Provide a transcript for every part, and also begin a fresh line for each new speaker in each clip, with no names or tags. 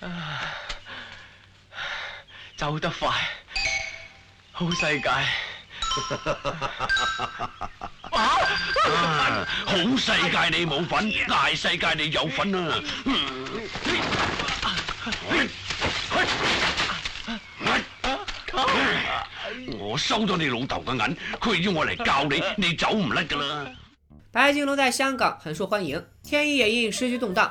啊！走得快，好世界。呵呵啊、好世界你冇份，大世界你有份啊、嗯哎！我收咗你老豆嘅銀，佢要我嚟教你，你走唔甩噶啦。白金龍在香港很受歡迎，天一也因時局動蕩。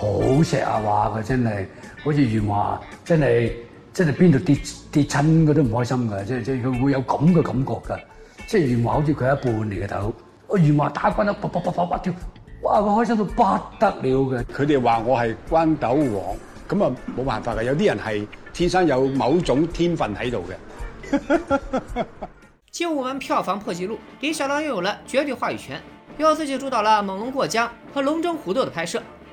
好錫啊！話佢真係好似元華的，真係真係邊度跌跌親佢都唔開心嘅，即係即係佢會有咁嘅感覺嘅。即係元華好似佢一半嚟嘅頭，阿元華打關啦，啪啪啪啪啪跳，哇！佢開心到不得了嘅。佢哋話我係關鬥王，咁啊冇辦法嘅。有啲人係天生有某種天分喺度嘅。《精武門》票房破紀錄，李小龍又有了絕對話語權，又自己主導了《猛龍過江》和《龍爭虎鬥》嘅拍攝。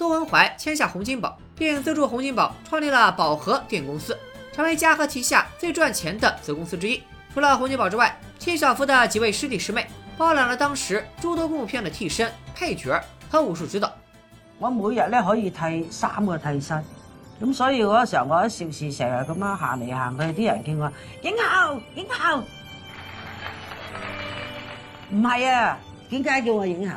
周文懷簽下洪金寶，並資助洪金寶創立了寶禾電影公司，成為嘉禾旗下最賺錢的子公司之一。除了洪金寶之外，七小福的幾位師弟師妹包攬了當時諸多部片的替身、配角和武術指導。知道我每日咧可以替三個替身，咁所以嗰個時候我喺邵氏成日咁樣行嚟行去，啲人叫我影后，影后，唔係啊，點解叫我影后？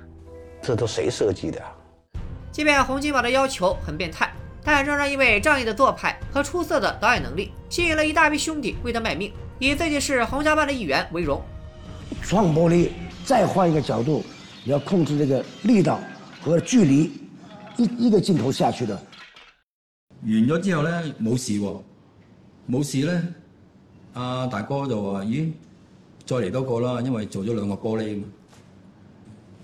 這都誰設計的啊？即便洪金寶的要求很變態，但仍然因為仗義的做派和出色的導演能力，吸引了一大批兄弟為他賣命，以自己是洪家班的一員為榮。撞玻璃，再換一個角度，要控制這個力道和距離，一一個鏡頭下去的。完咗之後呢，冇事哦，冇事呢。啊，大哥就話：咦，再嚟多個啦，因為做咗兩個玻璃嘛。